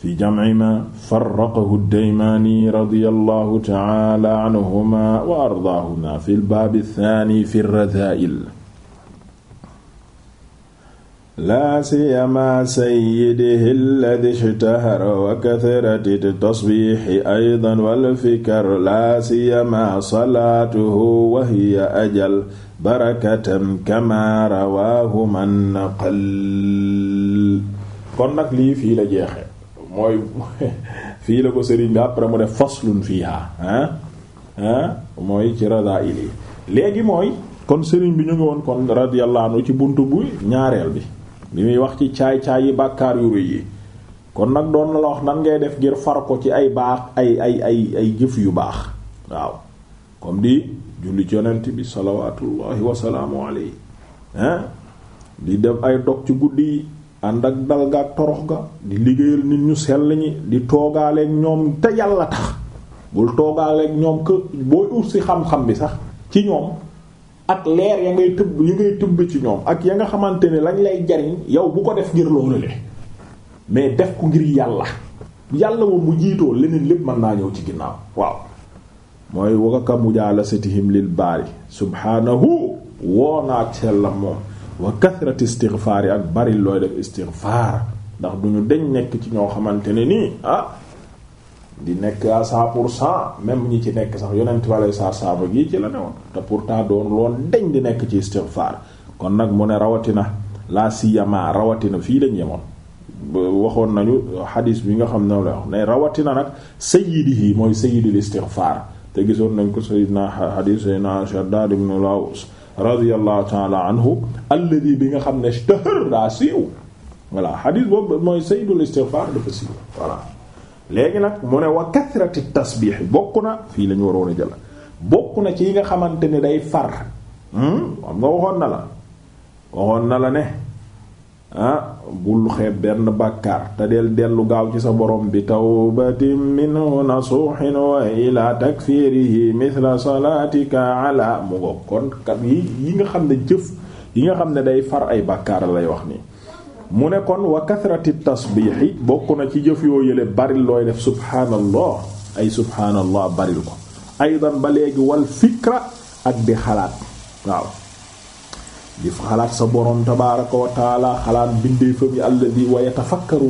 fi jamci ma farraqahu daymaani radiyallahu ta'ala anhuma wa ardaahuma fi lbaabi thaani fi radaa'il laa siyamaa sayyidihi alladhi ishtahara wa kathrati tasbiihi aydan wal fikr laa siyamaa salaatuhu wa hiya ajal barakatan kamaa rawaahu man naqal kon nag lii fii la jeexe mooy fii la ko sëriñ bi après mu def faslun fiha ah ah mooy ci radaa'il yi léegi mooy kon sëriñ bi ñu ngi woon kon radiyallahu anhu ci buntu bu ñaareel bi bi muy wax ci caay-caay yi bàkkaar yu rëy yi kon nag doon na la wax nan ngay def ngir far ko ci ay baax ay ay ay ay jëf yu baax waaw comme di julli ci yonent bi salawatullahi wasalaamu alayhi hein di def ay dog ci guddi ànd ak dal ga torox ga di liggéeyal nit ñu sell ñi di toogaaleeg ñoom te yàlla tax bul toogaaleeg ñoom que booy ut si xam-xam bi sax ci ñoom ak leer ya ngay tëb ya ngay tëbb ci ñoom ak ya nga xamante ne lañ lay jariñ yow bu ko def ngir loolu le mais def ko ngir yàlla yàlla moom mu jiitoo leneen lépp mën naa ñëw ci ginnaaw waaw mooy wakaka mujaalasatihim lil baari subhaanahu woo naak sellam moom wa kathrati istighfaar yi ak bari looy def istighfaar ndax du ñu deñ nekk ci ñoo xamante ne nii ah di nekk à cent pour cent même ñi ci nekk sax yonent wala saa saaba gi ci la newoon te pour doon lool deñ di nekk ci istighfaar kon nag mu ne rawatina laa siyama rawatina fii lañ yemoon waxoon nañu xadiis bi nga xam ne la wax ne rawatina nag sayyidihi mooy sayyidul istighfaar te gisoon nañ ko sayyidna xadiis sayyidna Shaddad ibn al-Aws radiyallahu taala anhu alladi bi nga xam ne ishtahar daa siiw voilà hadith boobu mooy sayyidul istighfar dafa siiw voilà léegi nag mu ne wa kathrati tasbih bokk na fii la ñu waroon a jël bokk na ci yi nga xamante ni day far hmm? xam nga waxoon na la waxoon na la ne ah bul xeeb benn bàkkaar te del dellu gaaw ci sa borom bi tawbatin minhu nasuhin wa ila takfirihi mithla salatika mu nga kon kat yi yi nga xam ne jëf yi nga xam ne day far ay bàkkaar lay wax nii mu ne kon wa kathrati tasbiixi bokk na ci jëf yoo yële baril looy def subhaanallah ay subhaanallah baril ko aydan ba léegi wal fikra ak di xalaat waaw di xalaat sa borom tabaraka wa taala xalaat mbindeefam yi alladi wa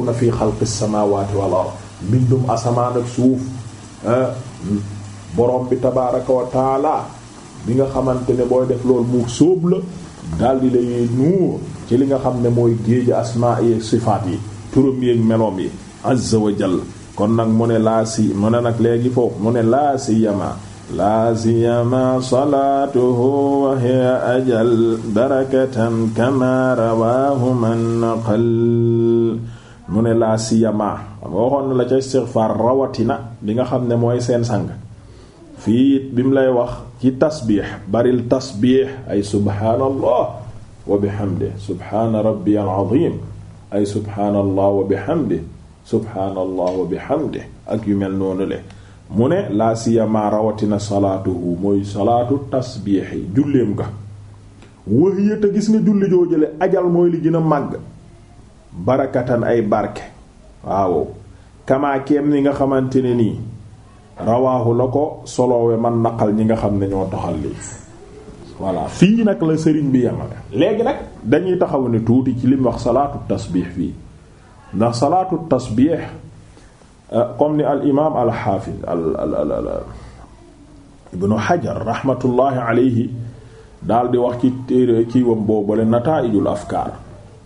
na fi xalqi samawati wal ard mbindum asamaan ak suuf ah, borom bi tabaraka wa taala bi nga xamante ne booy def loolu mu sóob la daldi lay nuur ci li nga xam ne mooy géej asmaa yi sifaat yi turam yi ak meloom yi azza wa kon nag mu ne laa si mu ne nag léegi foofu mu ne laa si yama laa siyama salaatuhu wa hiya ajal barakatan kama rawaahu man naqal mu ne laa siyama xam nga waxoon na la ca istighfar rawatina li nga xam ne mooy seen sang fii bi mu lay wax ci tasbiix baril tasbiix ay subhaanallah wa bihamdi subhaana rabbiyal azim ay subhaanallah wa bihamdi subhaanallah wa bihamdi ak yu mel noonu le mu ne laa siyama rawatina salaatuhu mooy salaatu tasbiixi julleem nga wahiya a gis nga julli joo jële ajal mooy li gën a màgg barakatan ay barke waaw kamaakeem ni nga xamante ne nii rawaahu la ko soloowe man naqal ñi nga xam ne ñoo toxal lii fii nag la sëriñ bi yemale léegi nag dañuy taxaw ne tuuti ci lim wax salaatu tasbiix fii ndax salaatu tasbiix comme ni al imaam al xaafiz al al al ibnu Hajar rahmatullahi alayhi daal di wax ci téere kiiwam boobale nataa'ijul afkaar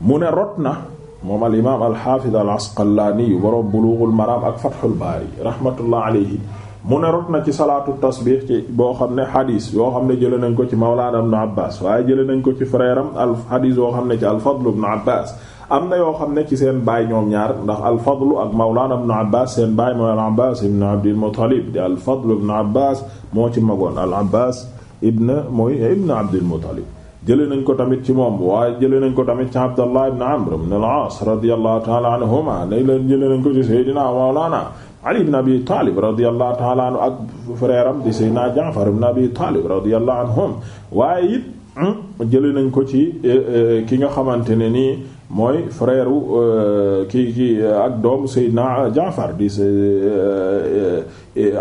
mu ne rot na moom al imaam al xaafiz al asqalaani boroom buluuxul maraam ak fathul baari rahmatullahi alayhi mu ne rot na ci salaatu tasbiix ci boo xam ne xadiis yoo xam ne jëlee nañ ko ci mawlaana ibnu Abbaas waaye jëlee nañ ko ci frère am al xadiis yoo xam ne ci al Fadl ibnu Abbaas am na yoo xam ne ci seen baay ñoom ñaar ndax alfadlu ak mawlana ibn abbas seen baay mooy al abbas ibn abdil muttalib di alfadlu ibn abbas moo ci magoon al abbas ibn mooy ibn abdil muttalib jële nañ ko tamit ci moom waaye jële nañ ko tamit ci abdallah ibn amr ibn al-aas radiyallahu ta'ala anhuma nay leen jële nañ ko ci seydina mawlana ali ibn abi talib radiyallahu ta'ala anhu ak frère am di seydina jaafar ibn abi talib radiyallahu anhum waaye it hmm, jële nañ ko ci eh, eh, ki nga xamante ne nii mooy frère euh, kii kii euh, ak doom Seydina Jaafar di euh,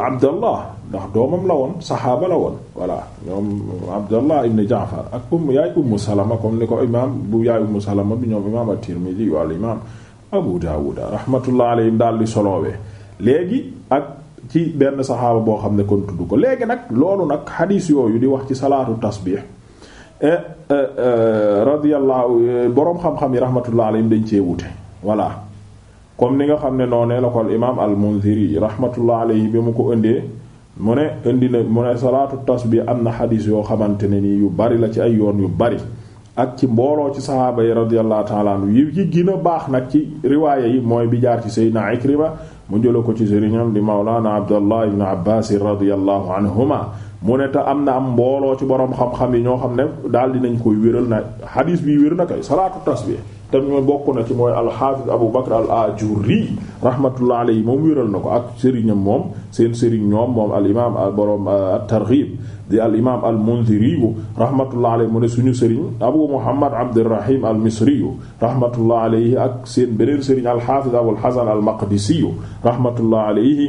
Abdallah ndax doomam la woon saxaaba la woon voilà ñoom Abdallah ibn Jaafar ak um yaay Ummu Salama comme ni ko imaam bu yaay Ummu Salama bi ñoom imaam at-Tirmidhi wal imaam Abu Dawud rahmatullah alayhim daal di solowee léegi ak ci benn saxaaba boo xam ne kon tudd ko léegi nag loolu nag xadiis yooyu di wax ci salaatu tasbiix Eh, eh, eh, radiyallahu boroom xam-xam yi rahmatullah alayhim dañ cee wute voilà comme ni nga xam ne noonee la ko al imaam al munziri rahmatullah yi bi mu ko indee mu ne indi na mu ne salaatu tasbih am na xadiis yoo xamante ne nii yu bari la ci ay yoon yu bari ak ci mbooloo ci saxaaba yi radiyallahu ta'ala anhu yi ci gën baax nag ci riwaaya yi mooy bi jaar ci Seydina Ikrima mu jëla ko ci sëriñam di Mawlana Abdallah ibn Abbaas radiyallahu anhuma mu ne te am na am mbooloo ci boroom xam-xam yi ñoo xam ne daal dinañ koy wéral na hadis bi wér na kay salaatu tasbih te mu bokk na ci mooy alxaafiz abu bakr al ajuri rahmatullah alayhi moom wéral na ko ak sëriñam moom seen sëriñ ñoom moom al imam borom at-targhib di al imam al mundhiri rahmatullah alayhi mu ne suñu sëriñ abu muhammad abdirahim al misri rahmatullah alayhi ak seen beneen sëriñ alxaafiz abul hasan al maqdisi rahmatullah alayhi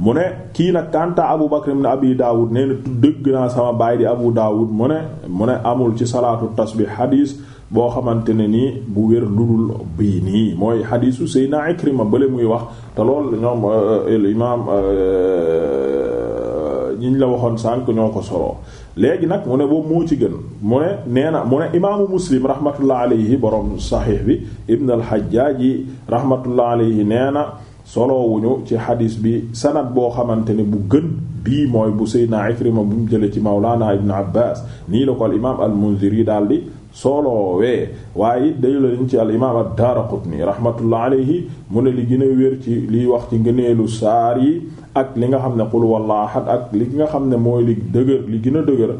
mu ne kii nag kanta abu bakr ibn abi daawud nee na dëgg naa sama baay di abu daawud mu ne mu ne amul ci salaatu tasbih xadiis boo xamante ne nii bu wér ludul bii nii mooy xadiisu sayna ikrima bale muy wax te lool ñoom al euh, imaam euh, ñi la waxoon sànk ñoo ko soloo léegi nag mu ne boobu moo ci gën mu ne nee na mu ne imaamu muslim rahmatullah alayhi borom saxiix bi ibn al xajjaaji rahmatullah alayhi nee na soloowuñu ci xadis bi sanad boo xamante ne bu gën bii mooy bu Seydina Ikrima bu mu jëlee ci Mawlana Ibn Abbas nii la ko al imaam al Munziri daal di soloowee waaye it day lañ ci al imaam ad-Daraqutni rahmatullah alayhi mu ne li gën a wér ci liy wax ci ngëneelu saar yi ak li nga xam ne qul wallahu ahad ak li nga xam ne mooy li dëgër li gën a dëgër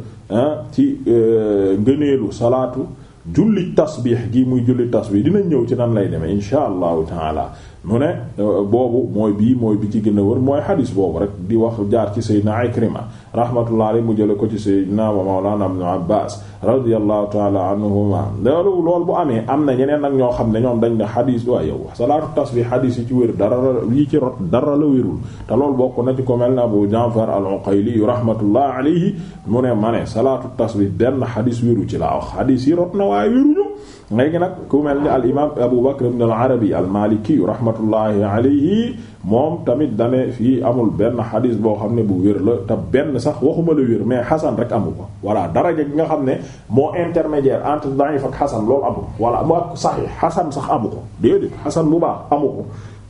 ah ci euh, ngëneelu salaatu julli tasbiix gii muy julli tasbiix dina ñëw ci nan lay demee incha allahu taala. mu ne boobu mooy bii mooy bi ci gën a wër mooy xadis boobu rek di wax jaar ci sayyidina Ikrima rahmatullah alayhi mu jële ko ci sayyidina wa mawlana ibn Abbas radiyallahu taala anhuma loolu lool bu amee am na ñeneen nag ñoo xam ne ñoom dañ ne xadiis waaye yow salaatu tasbih xadiis yi ci wér dara yi ci rot dara la wérul te loolu bokk na ci ko mel ne Abu Ja'far al-Uqayli rahmatullah alayhi mu ne ma ne salaatu tas tasbih benn xadiis wéru ci la wax xadiis yi rot na waaye wéruñu léegi nag ku mel ni al imaam Abu Bakr ibn al-Arabi al-Maliki rahmatullahi alayhi moom tamit dane fii amul benn xadis boo xam ne bu wér la te benn sax waxuma la wér mais xasan rek amu ko voilà daraja nga xam ne moo intermédiaire entre daif ak xasan loolu amul walla mu ak saxiix xasan sax amu ko déedéet xasan bu baax amu ko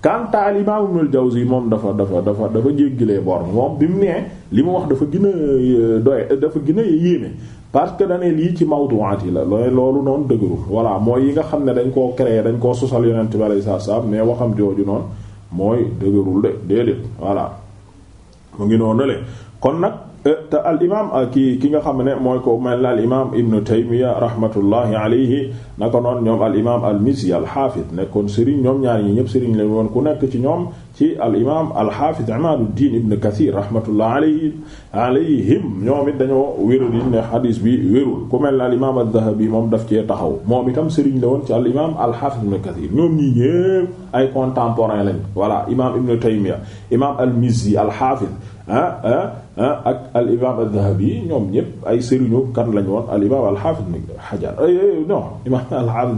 quant à l'imam Ibn moom dafa dafa dafa dafa jéggilee borne moom bi mu nee li mu wax dafa gën a euh, doy dafa gën a yéeme parce que dane lii ci mawduwaat yi la loolu noonu dëgërul voilà mooy yi nga xam ne dañ koo créer dañ koo sosal yonent bi alayhi salaatu salaam mais waxam jooju noonu mooy dëgërul de déedéet voilà ngi noonu le kon nag Eh, te al imaam ah, ki ki nga xam ne mooy ko mel al imaam Ibn Taymiya rahmatullahi alayhi naka noonu ñoom al imaam al Mizzi al Haafid nekkoon Serigne ñoom ñaar ñi ñëpp Serigne lañ woon ku nekk ci ñoom. ci al imaam al xaafis Imaaduddin Ibn Kathir rahmatullah alayhi alayhim ñoom it dañoo wéral yi ne xadiis bi wérul ku mel ne al imaam ad-Dahabi moom daf cee taxaw moom itam sëriñ la woon ci al imaam al xaafis Ibn Kathir ñoom ñii ñépp ay contemporain lañ voilà imaam Ibn Taymiya imaam al Mizzi al xaafis ah ah ah ak al ñoom ñépp ay sëriñu kan lañ woon al imaam al xaafis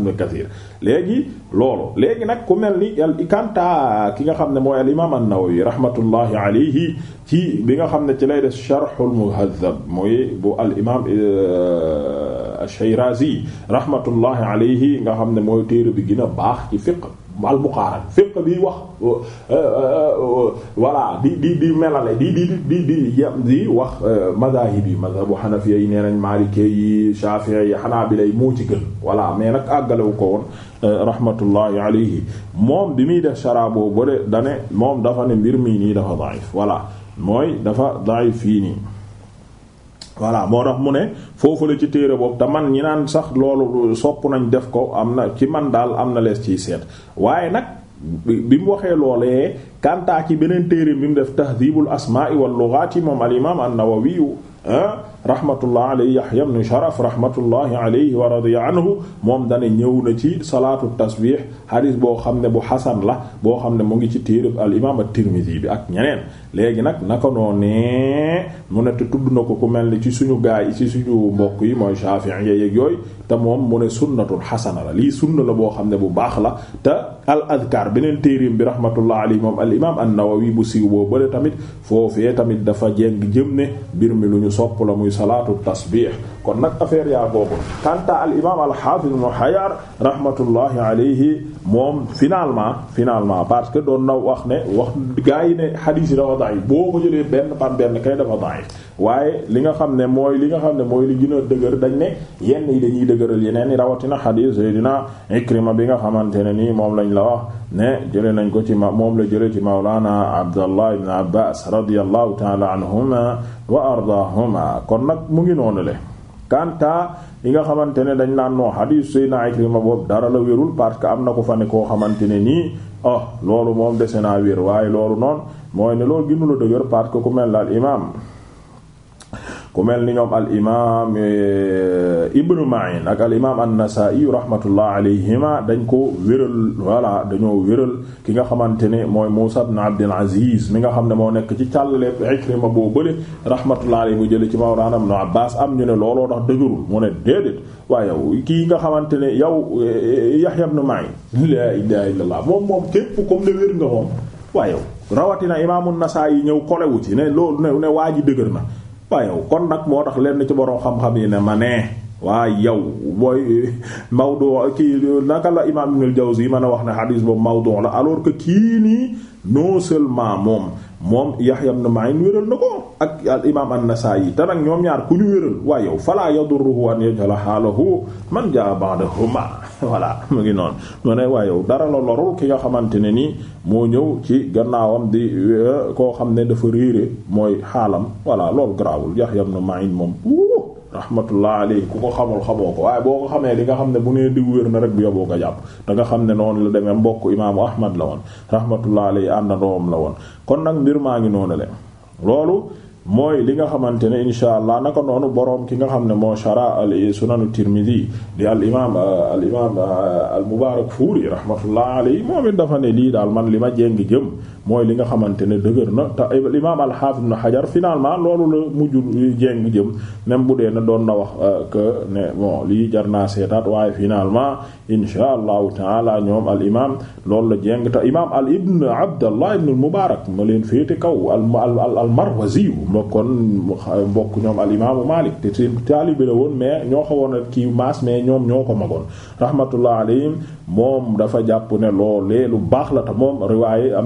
Ibn Kathir léegi. loolu léegi nag ku mel ni al ikanta ki nga xam ne mooy al imaam an-Nawawi rahmatullahi alayhi ci bi nga xam ne ci lay def sharhul muhazzab mooy bu al imaam euh, ash-Shirazi rahmatullahi alayhi nga xam ne mooy téere bi gën a baax ci fiqh almuqaaran fiqh bi wax euh, euh, euh, voilà di di di melale di di di di di wax madahib yi madhabu xanafiya yi nee nañ maalikee yi shafi'i yi xanaabila yi moo ci gën voilà mais nag àggalewu ko woon rahmatullahi alayhi moom bi muy def shara boobu ba de dane moom dafa ne mbir mii nii dafa daif voilà mooy dafa daif fii nii voilà moo tax mu ne foofu la ci téere boobu te man ñi naan sax loolu sopp nañ def ko am na ci man daal am na lees ciy seet waaye nag bi mu waxee loolee kantaa ci beneen téeréem bi mu def tahdibul asma'i wal lughati moom al imam an-Nawawi ah, rahmatullah alayhi Yahya ibn Sharaf rahmatullahi alayhi wa radiya anhu moom dana ñëw na ci salaatu tasbih hadis boo xam ne bu xasan la boo xam ne mu ngi ci téereb al imam at-Tirmidhi bi ak ñeneen léegi nag naka noonee mu ne te tudd na ko ku mel ni ci suñu gaay yi ci suñu mbokk yi mooy Shafi'i yeeg yooyu te moom mu ne sunnatun xasana la lii sunna la boo xam ne bu baax la te al adkar beneen téeréem bi rahmatullah alayhi moom al imaam an-Nawawi bu siiw boo bële tamit foofee tamit dafa jeng jëm ne mbir mi lu ñu sopp la muy salaatu tasbih kon nag affaire yaa boobu kanta al imaam al-Hafiz Ibn Hajar rahmatullahi alayhi moom finalement finalement parce que doon na wax ne wax gaa yi ne xadiis yi dafa daif boo ko jëlee benn par benn kay dafa daif waaye li nga xam ne mooy li nga xam ne mooy li gën dëgër dañ ne yenn yi dañuy dëgëral yeneen yi rawatina xadiis Seydina Ikrima bi nga xamante ne nii moom lañ la wax ne jële nañ ko ci ma moom la jële ci Mawlana Abdallah ibn Abbas radiyallahu ta'ala anhuma wa ardaahuma kon nag mu ngi noonu le kanta li nga xamante ne dañu naan noo xadiis Seydina Ikrima boobu dara la wérul parce que am na ko fa ne koo xamante ne nii oh loolu moom dese naa wér waaye loolu noonu mooy ne loo gënu la dëgër parce que ku mel daal imaam ku mel ni ñoom al imaam e, Ibn Ma'in ak al imaam an-Nasa'i rahmatullah alayhima dañ ko wéral voilà dañoo wéral ki nga xamante ne mooy Musa ibn Abdul Aziz mi nga xam ne moo nekk ci càllale Ikrima boo bële rahmatullah alayhi mu jële ci Mawlana Ibn Abbas am ñu ne looloo tax dëgërul mu ne déedéet waaye yow kii nga xamante ne yow e, e, Yahya ibn Ma'in la ilaha illallah moom moom képp comme ne wér nga moom waaye yow rawatina imaamu Nasa'i ñëw kolewu ci ne loolu waa ji dëgër na waaye kon nag moo tax lenn ci borom xam-xam yi ne ma nee waa yow booy eh, mawdu kii naka la imaam Ibnul Jawzi man a wax ne xadiis boobu mawdu la alors que kii nii non seulement moom moom yax Yahya ibn Ma'in wéral na ko ak al imaam an yi te nag ñoom ñaar ku ñu wéral waa yow falaa yadurruhu an yajhala haalahu man jaa ba'dahuma voilà mu ngi noonu mu ne waa yow dara la lorul ki nga xamante ne nii moo ñëw ci gannaawam di eh, koo xam ne dafa réere mooy xaalam voilà loolu garaawul Yahya na Ma'in moom rahmatullah alayhi ku ko xamul xamoo ko waaye boo ko xamee li nga xam ne bu nee diw wér na rek bu yoboo ko jàpp da nga xam ne noonu la demee mbokk imaamu ahmad la woon rahmatullah alayhi àndandoom la woon kon nag mbir maa ngi noonu le loolu mooy li nga xamante ne insha allah naka noonu boroom ki nga xam ne moo shara al sunanu tirmidi di al imam al imam al mubarak fuuri rahmatullah alayhi moom it dafa ne lii daal man li ma jéng jëm mooy li nga xamante ne dëgër na te imaam al-Hafiz ibn Hajar finalement loolu la mujj jéng jëm même bu dee na doon na wax euh, que ne bon lii jar naa seetaat waaye finalement insha allahu taala ñoom al imaam loolu la jéng te imaam al ibn Abdallah ibn al-Mubarak ma leen féete kaw al al al Marwazi mbokkoon mbokk ñoom al imaamu Malik te seen taalibe la woon mais ñoo xawoon ak kii maas mais ñoom ñoo ko magoon rahmatullah alayhim moom dafa jàpp ne loolee lu baax la